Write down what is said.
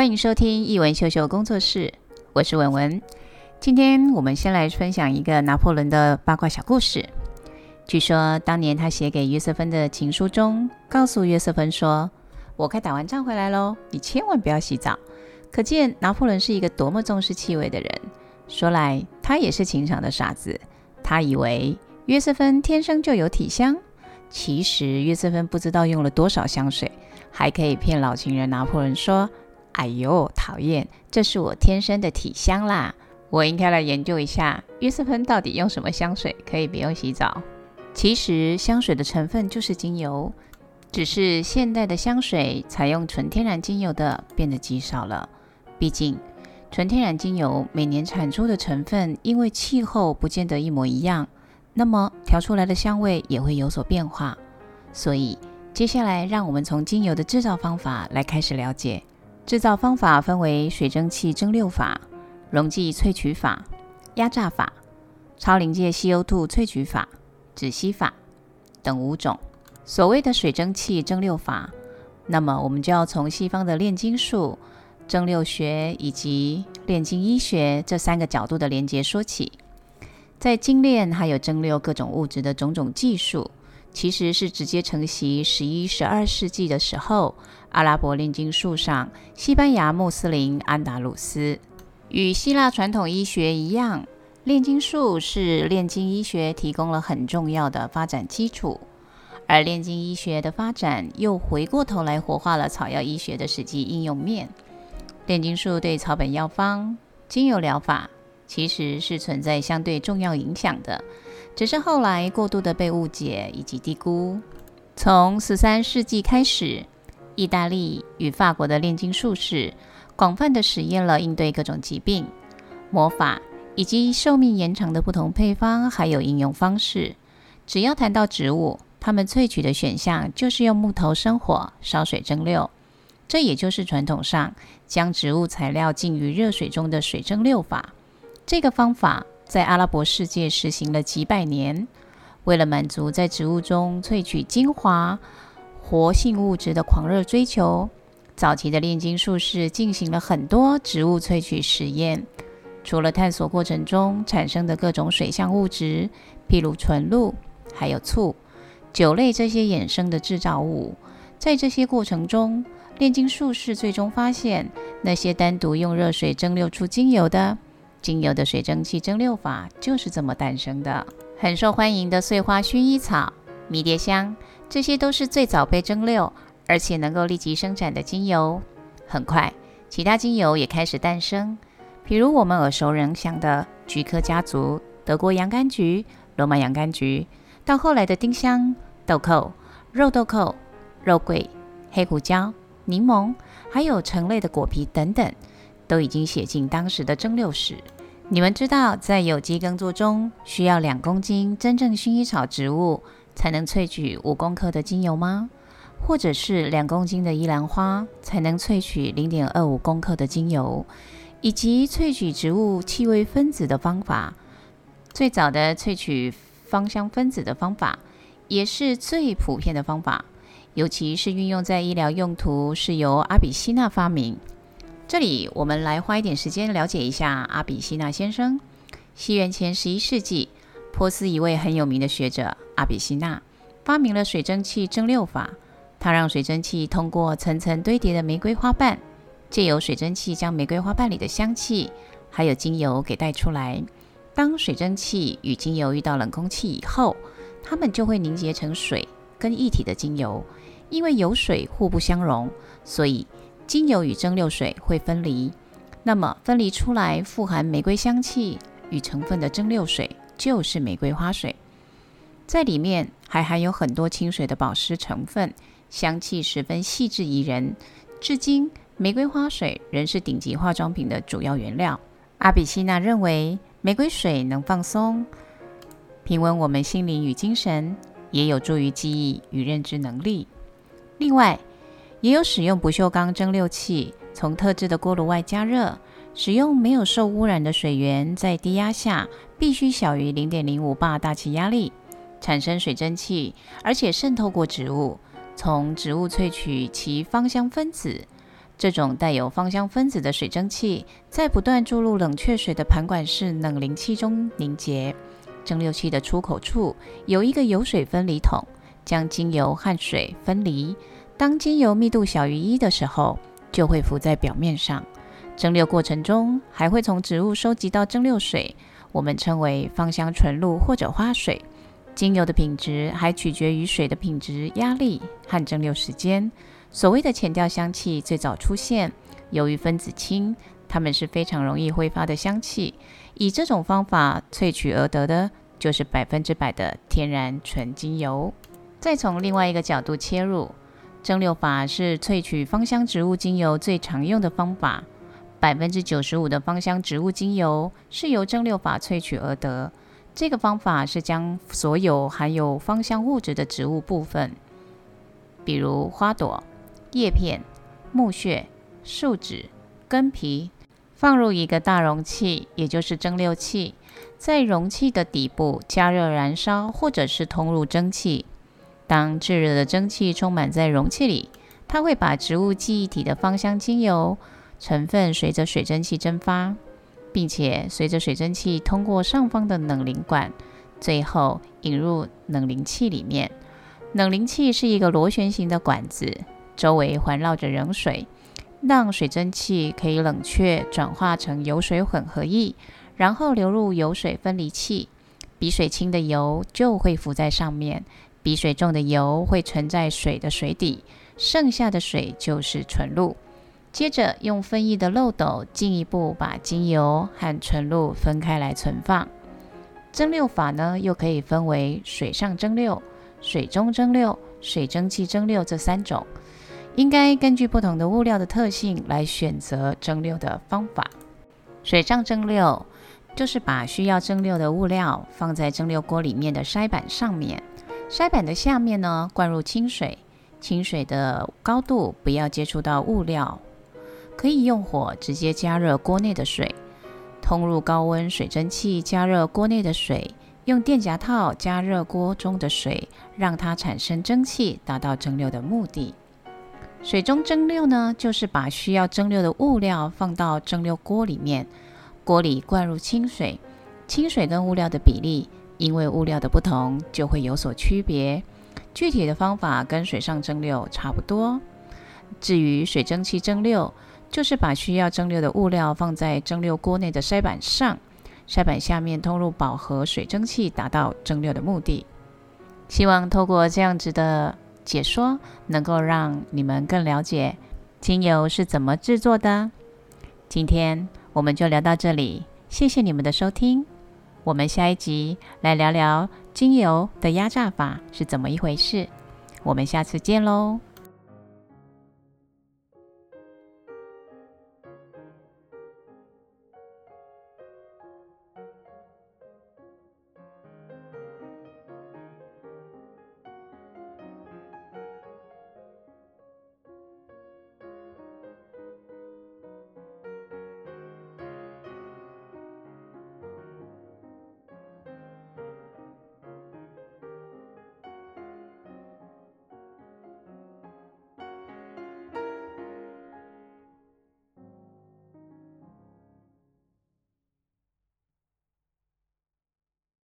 歡迎收聽一文秀秀工作室，我是文文。今天我們先來分享一個拿破崙的八卦小故事。據說當年他寫給約瑟芬的情書中，告訴約瑟芬說：“我快打完仗回來嘍，你千萬不要洗澡。”可見拿破崙是一個多麼重視氣味的人。說來他也是情場的傻子，他以為約瑟芬天生就有體香，其實約瑟芬不知道用了多少香水，還可以騙老情人拿破崙說。哎呦，討厭！這是我天生的體香啦。我應該來研究一下約瑟芬到底用什麼香水，可以不用洗澡。其實香水的成分就是精油，只是現代的香水採用純天然精油的變得極少了。畢竟純天然精油每年產出的成分因為氣候不見得一模一樣，那麼調出來的香味也會有所變化。所以接下來讓我們從精油的製造方法來開始了解。製造方法分為水蒸氣蒸餾法、溶劑萃取法、壓榨法、超臨界 CO2 萃取法、止吸法等五種。所謂的水蒸氣蒸餾法，那麼我們就要從西方的煉金術、蒸餾學以及煉金醫學這三個角度的連接說起，在精煉還有蒸餾各種物質的種種技術其實是直接承襲十一、十二世紀的時候，阿拉伯煉金術上，西班牙穆斯林安達魯斯與希臘傳統醫學一樣，煉金術是煉金醫學提供了很重要的發展基礎，而煉金醫學的發展又回過頭來活化了草藥醫學的實際應用面。煉金術對草本藥方、精油療法其實是存在相對重要影響的。只是後來過度的被誤解以及低估。從十三世紀開始，意大利與法國的煉金術士廣泛地實驗了應對各種疾病、魔法以及壽命延長的不同配方，還有應用方式。只要談到植物，他們萃取的選項就是用木頭生火、燒水蒸餾，這也就是傳統上將植物材料浸於熱水中的水蒸餾法。這個方法。在阿拉伯世界實行了幾百年。為了滿足在植物中萃取精華、活性物質的狂熱追求，早期的煉金術士進行了很多植物萃取實驗。除了探索過程中產生的各種水相物質，譬如純露，還有醋、酒類這些衍生的制造物。在這些過程中，煉金術士最終發現，那些單獨用熱水蒸餾出精油的。精油的水蒸氣蒸餾法就是這麼誕生的，很受歡迎的穗花薰衣草、迷迭香，這些都是最早被蒸餾，而且能夠立即生產的精油。很快，其他精油也開始誕生，比如我們耳熟能詳的菊科家族——德國洋甘菊、羅馬洋甘菊，到後來的丁香、豆蔻、肉豆蔻、肉桂、肉桂、黑胡椒、檸檬，還有橙類的果皮等等。都已經寫進當時的蒸餾史。你們知道，在有機耕作中，需要兩公斤真正薰衣草植物才能萃取五公克的精油嗎？或者是兩公斤的依蘭花才能萃取零點二五公克的精油？以及萃取植物氣味分子的方法，最早的萃取芳香分子的方法，也是最普遍的方法，尤其是運用在醫療用途，是由阿比西納發明。這裡我們來花一點時間了解一下阿比西納先生，西元前十一世紀，波斯一位很有名的學者阿比西納發明了水蒸氣蒸餾法。他讓水蒸氣通過層層堆疊的玫瑰花瓣，借由水蒸氣將玫瑰花瓣裡的香氣還有精油給帶出來。當水蒸氣與精油遇到冷空氣以後，它們就會凝結成水跟液體的精油。因為油水互不相溶，所以。精油與蒸餾水會分離，那麼分離出來富含玫瑰香氣與成分的蒸餾水就是玫瑰花水，在裡面還含有很多清水的保濕成分，香氣十分細緻宜人。至今，玫瑰花水仍是頂級化妝品的主要原料。阿比西那認為，玫瑰水能放鬆、平穩我們心靈與精神，也有助於記憶與認知能力。另外，也有使用不鏽鋼蒸餾器，從特制的鍋爐外加熱，使用沒有受污染的水源，在低壓下（必須小於零點零五巴大氣壓力）產生水蒸氣，而且滲透過植物，從植物萃取其芳香分子。這種帶有芳香分子的水蒸氣，在不斷注入冷卻水的盤管式冷凝器中凝結。蒸餾器的出口處有一個油水分離桶，將精油和水分離。當精油密度小於一的時候，就會浮在表面上。蒸餾過程中還會從植物收集到蒸餾水，我們稱為芳香純露或者花水。精油的品質還取決於水的品質、壓力和蒸餾時間。所謂的前調香氣最早出現，由於分子輕，它們是非常容易揮發的香氣。以這種方法萃取而得的就是百分之百的天然純精油。再從另外一個角度切入。蒸餾法是萃取芳香植物精油最常用的方法95。百分之九十五的芳香植物精油是由蒸餾法萃取而得。這個方法是將所有含有芳香物質的植物部分，比如花朵、葉片、木屑、樹脂、根皮，放入一個大容器，也就是蒸餾器，在容器的底部加熱燃燒，或者是通入蒸汽。當炙熱的蒸汽充滿在容器裡，它會把植物記憶體的芳香精油成分隨着水蒸氣蒸發，並且隨着水蒸氣通過上方的冷凝管，最後引入冷凝器裡面。冷凝器是一個螺旋形的管子，周圍環繞着冷水，讓水蒸氣可以冷卻，轉化成油水混合液，然後流入油水分離器。比水輕的油就會浮在上面，比水重的油會沉在水的水底，剩下的水就是純露。接着用分液的漏斗進一步把精油和純露分開來存放。蒸餾法呢，又可以分為水上蒸餾、水中蒸餾、水蒸氣蒸餾這三種，應該根據不同的物料的特性來選擇蒸餾的方法。水上蒸餾。就是把需要蒸餾的物料放在蒸餾鍋裡面的篩板上面，篩板的下面呢，灌入清水，清水的高度不要接觸到物料。可以用火直接加熱鍋內的水，通入高溫水蒸氣加熱鍋內的水，用電夾套加熱鍋中的水，讓它產生蒸汽，達到蒸餾的目的。水中蒸餾呢，就是把需要蒸餾的物料放到蒸餾鍋裡面。鍋裡灌入清水，清水跟物料的比例，因為物料的不同就會有所區別。具體的方法跟水上蒸餾差不多。至於水蒸氣蒸餾，就是把需要蒸餾的物料放在蒸餾鍋內的篩板上，篩板下面通入飽和水蒸氣，達到蒸餾的目的。希望透過這樣子的解說，能夠讓你們更了解精油是怎麼製作的。今天。我們就聊到這裡，謝謝你們的收聽。我們下一集來聊聊精油的壓榨法是怎麼一回事。我們下次見嘍。